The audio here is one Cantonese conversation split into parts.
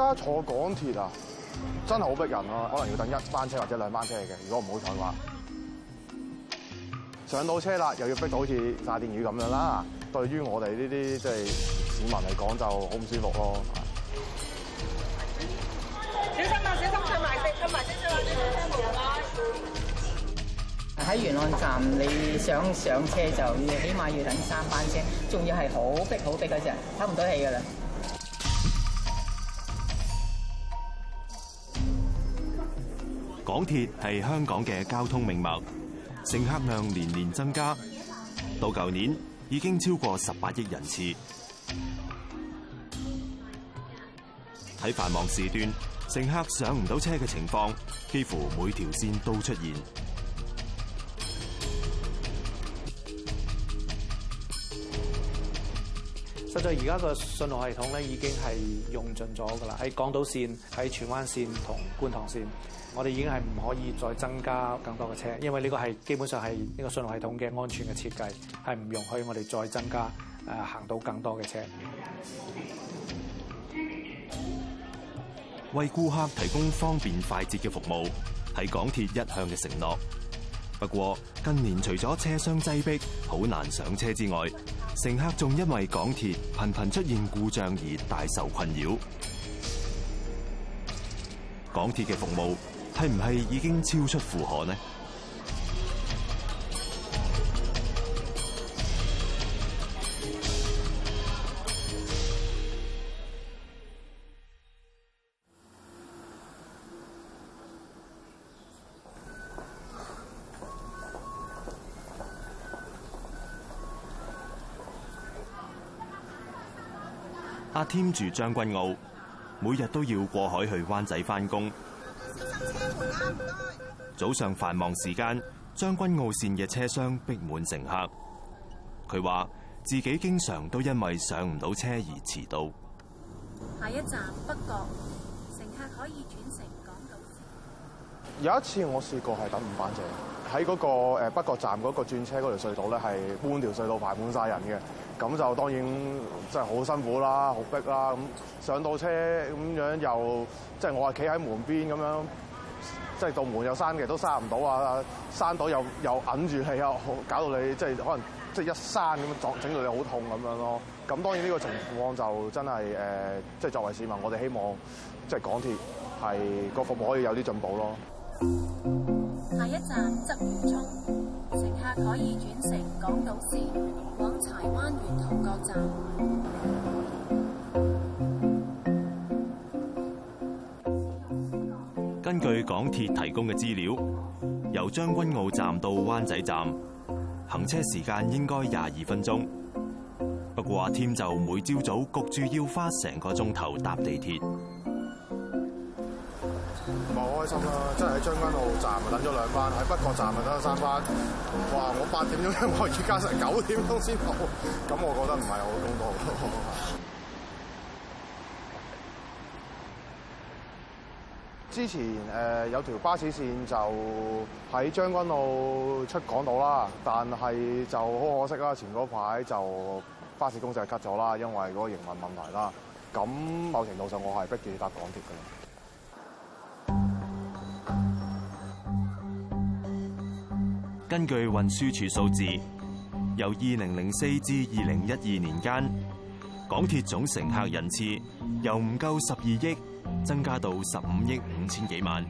家坐港鐵啊，真係好逼人啊。可能要等一班車或者兩班車嘅。如果唔好彩嘅話，上到車啦，又要逼到好似炸電魚咁樣啦。對於我哋呢啲即係市民嚟講，就好唔舒服咯。小心啊！小心出埋車，出埋車先喺元朗站，你想上車就要，起碼要等三班車，仲要係好逼好逼嗰陣，唞唔到氣㗎啦。港鐵係香港嘅交通命脈，乘客量年年增加，到舊年已經超過十八億人次。喺繁忙時段，乘客上唔到車嘅情況，幾乎每條線都出現。實際而家個信號系統咧，已經係用盡咗㗎喇。喺港島線、喺荃灣線同觀塘線。我哋已經係唔可以再增加更多嘅車，因為呢個係基本上係呢個信號系統嘅安全嘅設計，係唔容許我哋再增加、呃、行到更多嘅車。為顧客提供方便快捷嘅服務係港鐵一向嘅承諾。不過近年除咗車廂擠逼、好難上車之外，乘客仲因為港鐵頻頻出現故障而大受困擾。港鐵嘅服務。係唔係已經超出負荷呢？阿添住將軍澳，每日都要過海去灣仔返工。早上繁忙時間，將軍澳線嘅車廂逼滿乘客。佢話自己經常都因為上唔到車而遲到。下一站北角，乘客可以轉乘港島線。有一次我試過係等唔反正喺嗰個誒北角站嗰個轉車嗰條隧道咧，係半條隧道排滿晒人嘅。咁就當然真係好辛苦啦，好逼啦。咁上到車咁樣又即係、就是、我係企喺門邊咁樣。即係道門有閂嘅，都閂唔到啊！閂到又又揞住你啊，搞到你即係可能即係一閂咁樣，整到你好痛咁樣咯。咁當然呢個情況就真係誒，即係作為市民，我哋希望即係港鐵係個服務可以有啲進步咯。下一站執元湧，乘客可以轉乘港島線往柴灣沿途各站。據港鐵提供嘅資料，由將軍澳站到灣仔站，行車時間應該廿二分鐘。不過阿添就每朝早焗住要花成個鐘頭搭地鐵，唔係好開心啦！真係喺將軍澳站等咗兩班，喺北角站等咗三班。哇！我八點鐘先開，而家成九點鐘先到，咁我覺得唔係好公道。 之前誒有條巴士線就喺將軍澳出港島啦，但係就好可惜啦，前嗰排就巴士公司係 cut 咗啦，因為嗰個營運問題啦。咁那某程度上，我係逼住要搭港鐵㗎。根據運輸署數字，由二零零四至二零一二年間，港鐵總乘客人次由唔夠十二億，增加到十五億五千幾萬，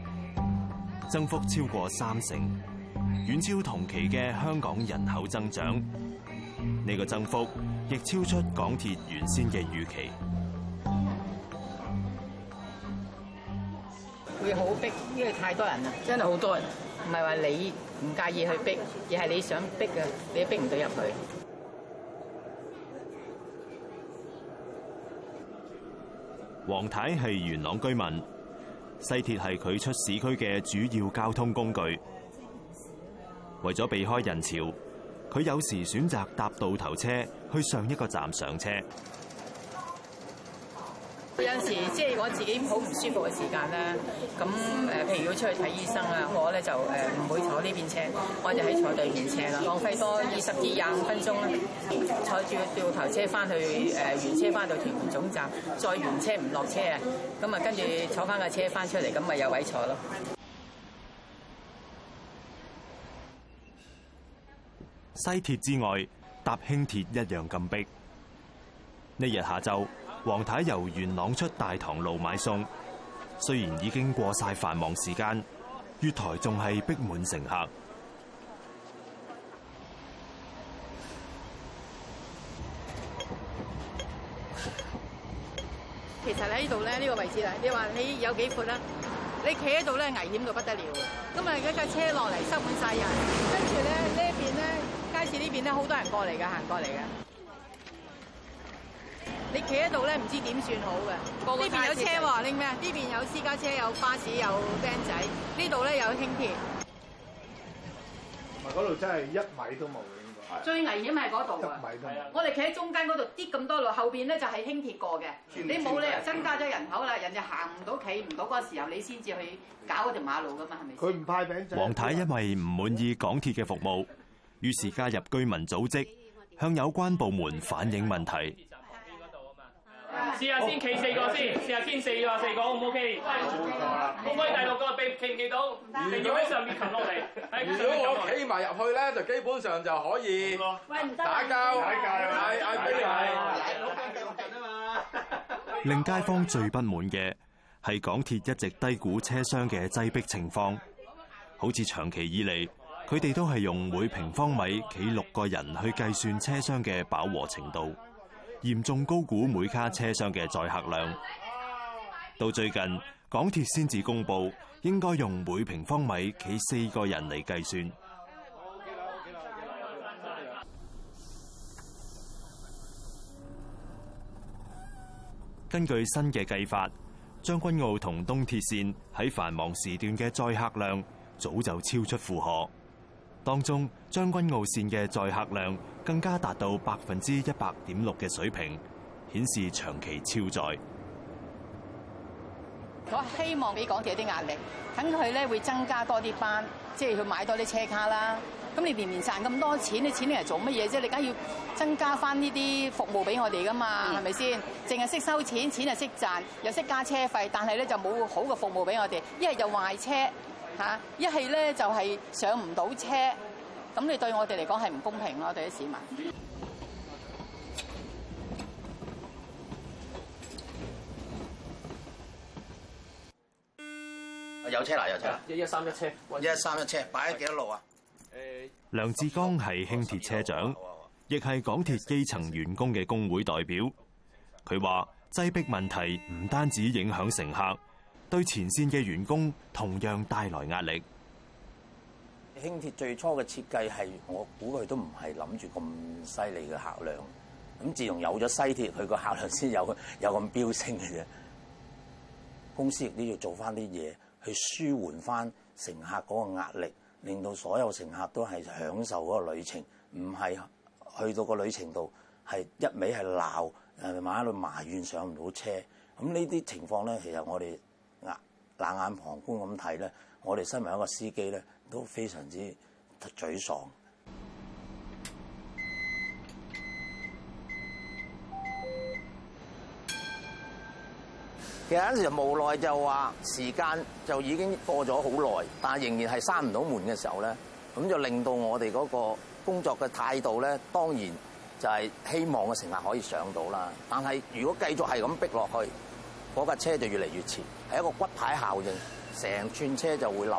增幅超過三成，遠超同期嘅香港人口增長。呢個增幅亦超出港鐵原先嘅預期。會好逼，因為太多人啦，真係好多人，唔係話你唔介意去逼，而係你想逼嘅，你逼唔到入去。黃太係元朗居民，西鐵係佢出市區嘅主要交通工具。為咗避開人潮，佢有時選擇搭渡頭車去上一個站上車。有時即係我自己好唔舒服嘅時間啦。咁誒譬如要出去睇醫生啊，我咧就誒唔會坐呢邊車，我就係坐對面車啦，浪費多二十至廿五分鐘啦，坐住個掉頭車翻去誒原車翻到屯門總站，再原車唔落車啊，咁啊跟住坐翻架車翻出嚟，咁咪有位坐咯。西鐵之外搭輕鐵一樣咁逼。呢日下晝。黃太由元朗出大棠路買餸，雖然已經過晒繁忙時間，月台仲係逼滿乘客。其實喺呢度咧，呢個位置啦，你話你有幾闊啦？你企喺度咧，危險到不得了。咁啊，一架車落嚟，塞滿晒人，跟住咧呢邊咧，街市呢邊咧，好多人過嚟嘅，行過嚟嘅。你企喺度咧，唔知點算好嘅。呢邊有車喎，定咩啊？呢邊有私家車，有巴士，有 band 仔。呢度咧有輕鐵，唔係嗰度真係一米都冇嘅，應該係最危險係嗰度啊！一米都我哋企喺中間嗰度啲咁多路後邊咧就係輕鐵過嘅。你冇理由增加咗人口啦，人哋行唔到，企唔到嗰時候，你先至去搞嗰條馬路噶嘛，係咪？佢唔派俾黃太，因為唔滿意港鐵嘅服務，於是加入居民組織，向有關部門反映問題。試下先，企四個先，試下先四個四個，好唔好？K，可唔可以第六個畀企唔企到？定要喺上面擒落嚟，如果我企埋入去咧，就基本上就可以喂，唔得，打交。令街坊最不滿嘅係港鐵一直低估車廂嘅擠迫情況，好似長期以嚟佢哋都係用每平方米企六個人去計算車廂嘅飽和程度。嚴重高估每卡車廂嘅載客量。到最近，港鐵先至公布應該用每平方米企四個人嚟計算。根據新嘅計法，將軍澳同東鐵線喺繁忙時段嘅載客量早就超出負荷。當中將軍澳綫嘅載客量更加達到百分之一百點六嘅水平，顯示長期超載。我希望俾港鐵啲壓力，等佢咧會增加多啲班，即係去買多啲車卡啦。咁你年年賺咁多錢，你錢嚟係做乜嘢啫？你梗要增加翻呢啲服務俾我哋噶嘛？係咪先？淨係識收錢，錢就識賺，又識加車費，但係咧就冇好嘅服務俾我哋，一係就壞車。嚇！一係咧就係上唔到車，咁你對我哋嚟講係唔公平咯，對啲市民。有車啦，有車。一一三一車。一一三一車，擺喺幾多路啊？梁志剛係輕鐵車長，亦係港鐵基層員工嘅工會代表。佢話擠迫問題唔單止影響乘客。對前線嘅員工同樣帶來壓力。輕鐵最初嘅設計係我估佢都唔係諗住咁犀利嘅客量。咁自從有咗西鐵，佢個客量先有有咁飆升嘅啫。公司亦都要做翻啲嘢去舒緩翻乘，乘客嗰個壓力，令到所有乘客都係享受嗰個旅程，唔係去到個旅程度係一味係鬧誒，嘛喺度埋怨上唔到車。咁呢啲情況咧，其實我哋。冷眼旁觀咁睇咧，我哋身為一個司機咧都非常之沮喪。其實有陣時無奈就話時間就已經過咗好耐，但係仍然係閂唔到門嘅時候咧，咁就令到我哋嗰個工作嘅態度咧，當然就係希望嘅乘客可以上到啦。但係如果繼續係咁逼落去，嗰架車就越嚟越遲，係一個骨牌效應，成串車就會冧。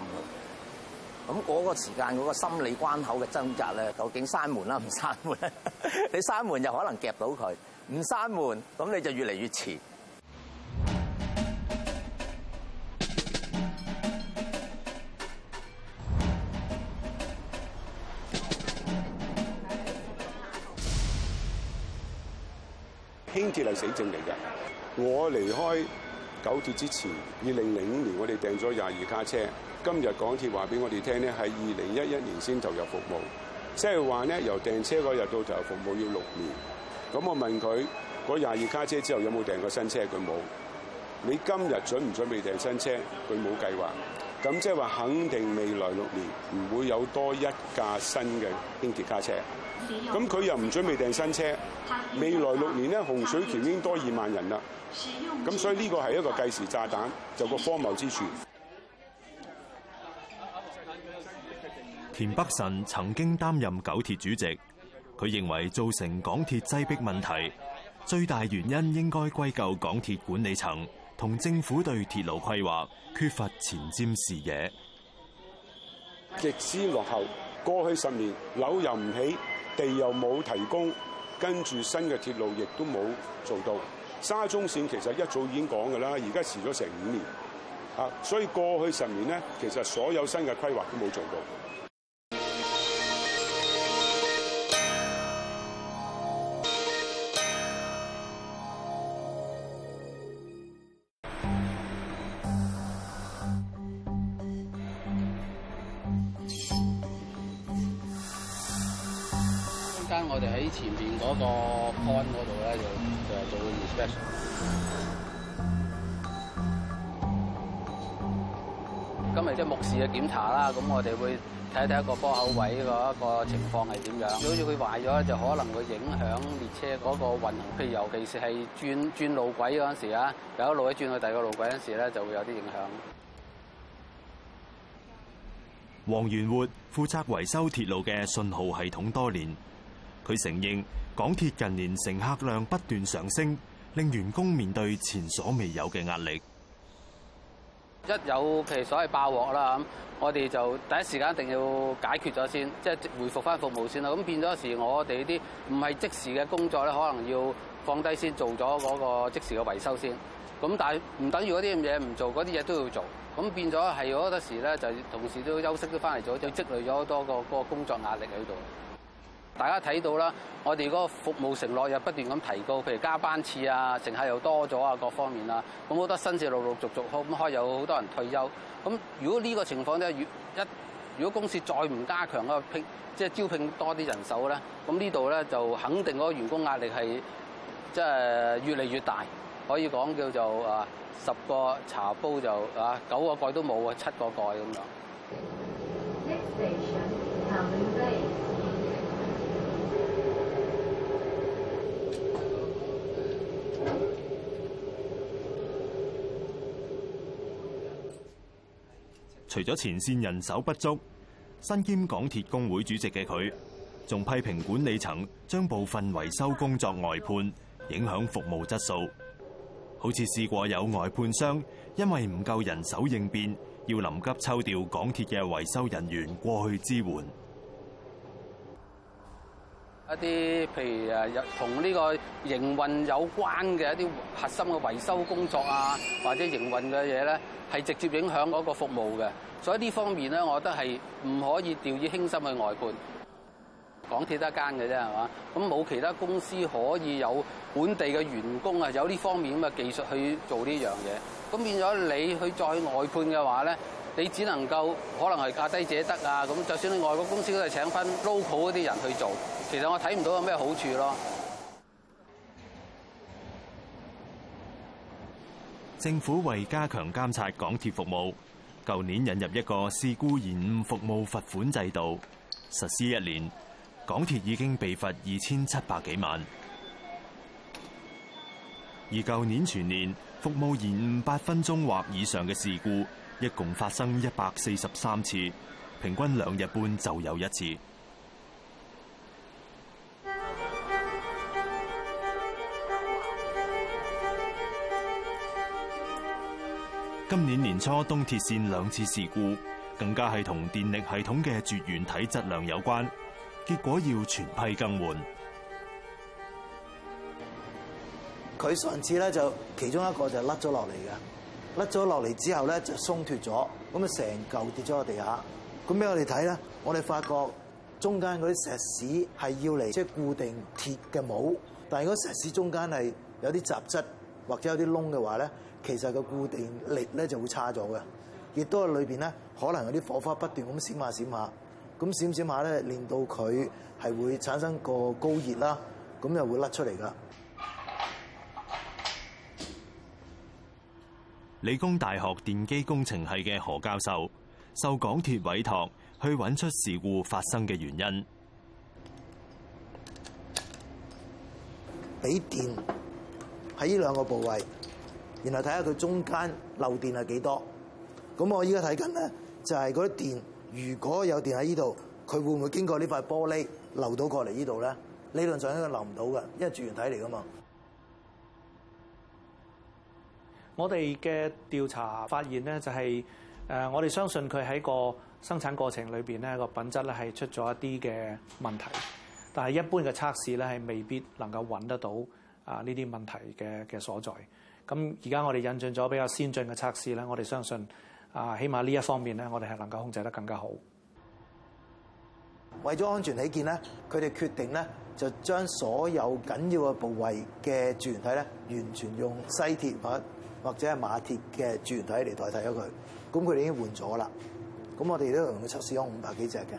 咁嗰個時間嗰個心理關口嘅掙扎咧，究竟閂門啦唔閂門咧？你閂門就可能夾到佢，唔閂門咁你就越嚟越遲。輕鐵係死症嚟㗎。我離開九鐵之前，二零零五年我哋訂咗廿二卡車。今日港鐵話俾我哋聽咧，係二零一一年先投入服務，即係話咧由訂車嗰日到投入服務要六年。咁我問佢嗰廿二卡車之後有冇訂過新車？佢冇。你今日準唔準備訂新車？佢冇計劃。咁即係話，肯定未來六年唔會有多一架新嘅輕鐵加車。咁佢又唔準備訂新車。未來六年咧，洪水橋已經多二萬人啦。咁所以呢個係一個計時炸彈，就個荒謬之處。田北辰曾經擔任九鐵主席，佢認為造成港鐵擠迫問題最大原因應該歸咎港鐵管理層。同政府對鐵路規劃缺乏前瞻視野，極之落後。過去十年樓又唔起，地又冇提供，跟住新嘅鐵路亦都冇做到。沙中線其實一早已經講㗎啦，而家遲咗成五年啊！所以過去十年呢，其實所有新嘅規劃都冇做到。喺前面嗰個 con 嗰度咧，就會就做 inspection。咁咪即係目視嘅檢查啦。咁我哋會睇一睇個波口位個、嗰個情況係點樣。如果佢壞咗，就可能會影響列車嗰個運行。譬如尤其是係轉轉路軌嗰陣時啊，由一路轉一轉去第二個路軌嗰陣時咧，就會有啲影響。黃元活負責維修鐵路嘅信號系統多年。佢承認港鐵近年乘客量不斷上升，令員工面對前所未有嘅壓力。一有譬如所謂爆鑊啦，咁我哋就第一時間一定要解決咗先，即係回復翻服務先啦。咁變咗時，我哋呢啲唔係即時嘅工作咧，可能要放低先做咗嗰個即時嘅維修先。咁但係唔等於嗰啲嘢唔做，嗰啲嘢都要做。咁變咗係嗰時咧，就同事都休息都翻嚟咗，就積累咗好多個個工作壓力喺度。大家睇到啦，我哋嗰個服務承諾又不斷咁提高，譬如加班次啊，乘客又多咗啊，各方面啊，咁好多新仕陸,陸陸續續咁可以有好多人退休。咁如果呢個情況咧，一如果公司再唔加強個聘，即係招聘多啲人手咧，咁呢度咧就肯定嗰個員工壓力係即係越嚟越大，可以講叫做啊十個茶煲就啊九個蓋都冇啊，七個蓋咁樣。除咗前線人手不足，身兼港鐵工會主席嘅佢，仲批評管理層將部分維修工作外判，影響服務質素。好似試過有外判商，因為唔夠人手應變，要臨急抽調港鐵嘅維修人員過去支援。一啲譬如誒，同呢個營運有關嘅一啲核心嘅維修工作啊，或者營運嘅嘢咧，係直接影響嗰個服務嘅。所以呢方面咧，我覺得係唔可以掉以輕心去外判。港鐵得一間嘅啫，係嘛？咁冇其他公司可以有本地嘅員工啊，有呢方面咁嘅技術去做呢樣嘢。咁變咗你去再外判嘅話咧，你只能夠可能係價低者得啊。咁就算你外國公司都係請翻 local 嗰啲人去做。其實我睇唔到有咩好處咯。政府為加強監察港鐵服務，舊年引入一個事故延誤服務罰款制度，實施一年，港鐵已經被罰二千七百幾萬。而舊年全年服務延誤八分鐘或以上嘅事故，一共發生一百四十三次，平均兩日半就有一次。今年年初東鐵綫兩次事故，更加係同電力系統嘅絕緣體質量有關。結果要全批更換。佢上次咧就其中一個就甩咗落嚟嘅，甩咗落嚟之後咧就鬆脫咗，咁啊成嚿，跌咗落地下。咁俾我哋睇咧，我哋發覺中間嗰啲石屎係要嚟即係固定鐵嘅帽，但係如果石屎中間係有啲雜質或者有啲窿嘅話咧，其實個固定力咧就會差咗嘅，亦都係裏邊咧可能有啲火花不斷咁閃下閃下，咁閃閃下咧令到佢係會產生個高熱啦，咁又會甩出嚟噶。理工大學電機工程系嘅何教授受港鐵委託去揾出事故發生嘅原因，俾電喺呢兩個部位。然後睇下佢中間漏電係幾多？咁我依家睇緊咧，就係嗰啲電如果有電喺呢度，佢會唔會經過呢塊玻璃漏到過嚟呢度咧？理論上應該漏唔到㗎，因為絕緣體嚟㗎嘛。我哋嘅調查發現咧，就係誒，我哋相信佢喺個生產過程裏邊咧個品質咧係出咗一啲嘅問題，但係一般嘅測試咧係未必能夠揾得到啊呢啲問題嘅嘅所在。咁而家我哋引進咗比較先進嘅測試咧，我哋相信啊，起碼呢一方面咧，我哋係能夠控制得更加好。為咗安全起見咧，佢哋決定咧就將所有緊要嘅部位嘅鑄件體咧，完全用西鐵或或者係馬鐵嘅鑄件體嚟代替咗佢。咁佢哋已經換咗啦。咁我哋都用佢測試咗五百幾隻嘅。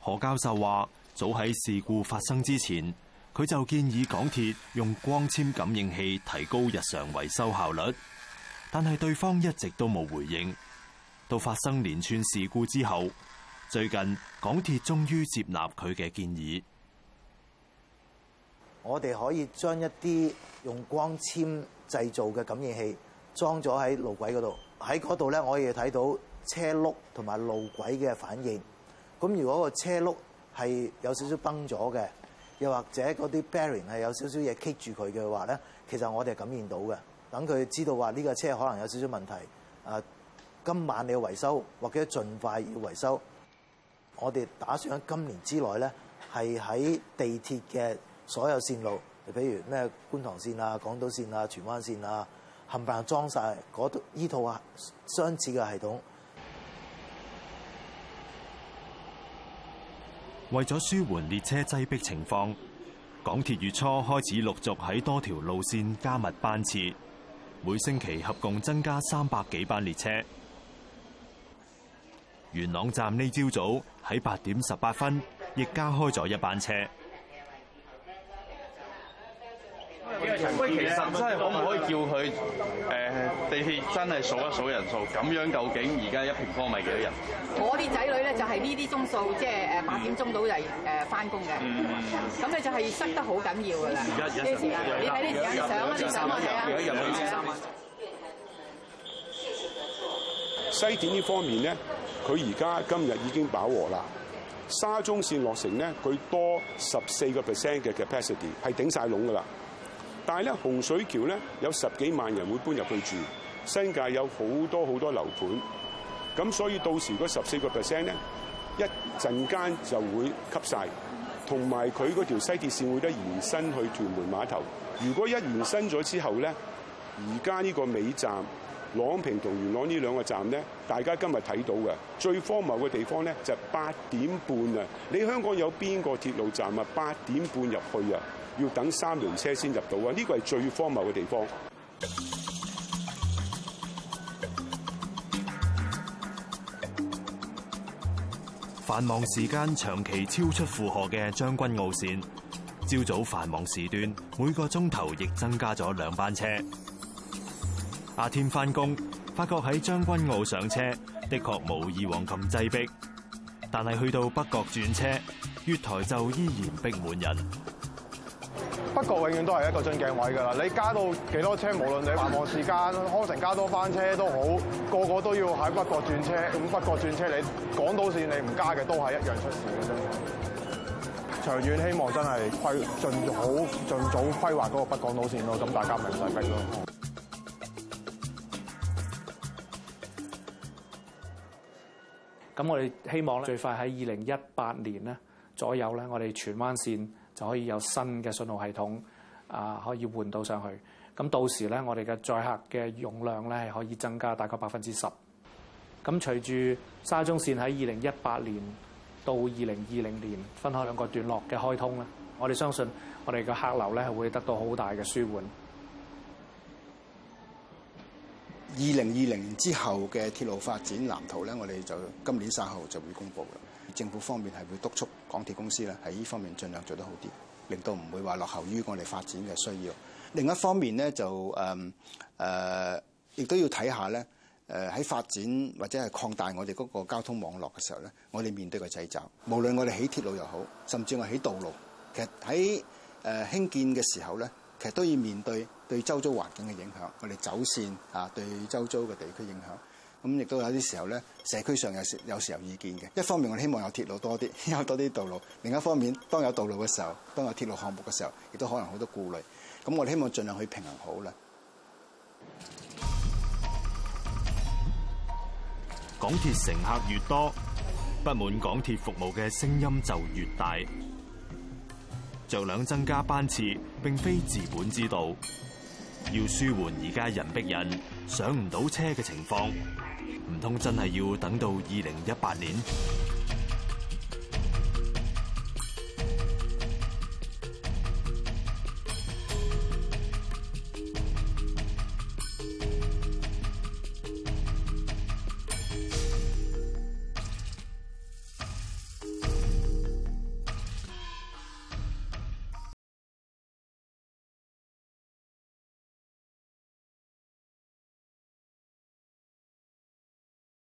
何教授話：早喺事故發生之前。佢就建議港鐵用光纖感應器提高日常維修效率，但係對方一直都冇回應。到發生連串事故之後，最近港鐵終於接納佢嘅建議。我哋可以將一啲用光纖製造嘅感應器裝咗喺路軌嗰度，喺嗰度咧，我可以睇到車轆同埋路軌嘅反應。咁如果個車轆係有少少崩咗嘅。又或者嗰啲 bearing 係有少少嘢棘住佢嘅話咧，其實我哋係感應到嘅，等佢知道話呢個車可能有少少問題，啊，今晚你要維修，或者盡快要維修。我哋打算喺今年之內咧，係喺地鐵嘅所有綫路，譬如咩觀塘綫啊、港島綫啊、荃灣綫啊，冚唪唥裝晒曬嗰度依套啊相似嘅系統。為咗舒緩列車擠迫情況，港鐵月初開始陸續喺多條路線加密班次，每星期合共增加三百幾班列車。元朗站呢朝早喺八點十八分亦加開咗一班車。其實真係可唔可以叫佢地鐵真係數一數人數咁樣？究竟而家一平方米幾多人？我啲仔女咧就係呢啲鐘數，即係八點鐘到就誒返工嘅。嗯嗯咁咧就係塞得好緊要㗎啦。你時間你睇啲時間嘅相啦，你三蚊一日，一三蚊。啊、西鐵呢方面咧，佢而家今日已經飽和啦。沙中線落成咧，佢多十四個 percent 嘅 capacity 係頂晒籠㗎啦。但係咧，洪水橋咧有十幾萬人會搬入去住，新界有好多好多樓盤，咁所以到時嗰十四個 percent 咧，一陣間就會吸晒。同埋佢嗰條西鐵線會得延伸去屯門碼頭。如果一延伸咗之後咧，而家呢個尾站。朗屏同元朗呢兩個站呢，大家今日睇到嘅最荒謬嘅地方呢，就係八點半啊！你香港有邊個鐵路站啊？八點半入去啊，要等三輪車先入到啊！呢個係最荒謬嘅地方。繁忙時間長期超出負荷嘅將軍澳線，朝早繁忙時段每個鐘頭亦增加咗兩班車。阿添翻工，發覺喺將軍澳上車，的確冇以往咁擠迫，但係去到北角轉車，月台就依然逼滿人。北角永遠都係一個樽頸位㗎啦！你加到幾多車，無論你繁忙時間，康城加多班車都好，個個都要喺北角轉車。咁北角轉車，你港島線你唔加嘅都係一樣出事嘅啫。真長遠希望真係規盡早、盡早規劃嗰個北港島線咯，咁大家唔使逼咯。咁我哋希望咧，最快喺二零一八年咧左右咧，我哋荃灣線就可以有新嘅信號系統啊，可以換到上去。咁到時咧，我哋嘅載客嘅容量咧係可以增加大概百分之十。咁隨住沙中線喺二零一八年到二零二零年分開兩個段落嘅開通咧，我哋相信我哋嘅客流咧係會得到好大嘅舒緩。二零二零年之後嘅鐵路發展藍圖呢，我哋就今年稍後就會公布。政府方面係會督促港鐵公司呢，喺呢方面盡量做得好啲，令到唔會話落後於我哋發展嘅需要。另一方面呢，就誒誒，亦、呃、都要睇下呢，誒喺發展或者係擴大我哋嗰個交通網絡嘅時候呢，我哋面對嘅掣肘。無論我哋起鐵路又好，甚至我起道路，其實喺興建嘅時候呢，其實都要面對對周遭環境嘅影響，我哋走線啊，對周遭嘅地區影響，咁亦都有啲時候呢，社區上有時有時候有意見嘅。一方面我希望有鐵路多啲，有多啲道路；另一方面，當有道路嘅時候，當有鐵路項目嘅時候，亦都可能好多顧慮。咁我哋希望儘量去平衡好啦。港鐵乘客越多，不滿港鐵服務嘅聲音就越大。儘量增加班次，並非治本之道。要舒緩而家人逼人上唔到車嘅情況，唔通真係要等到二零一八年？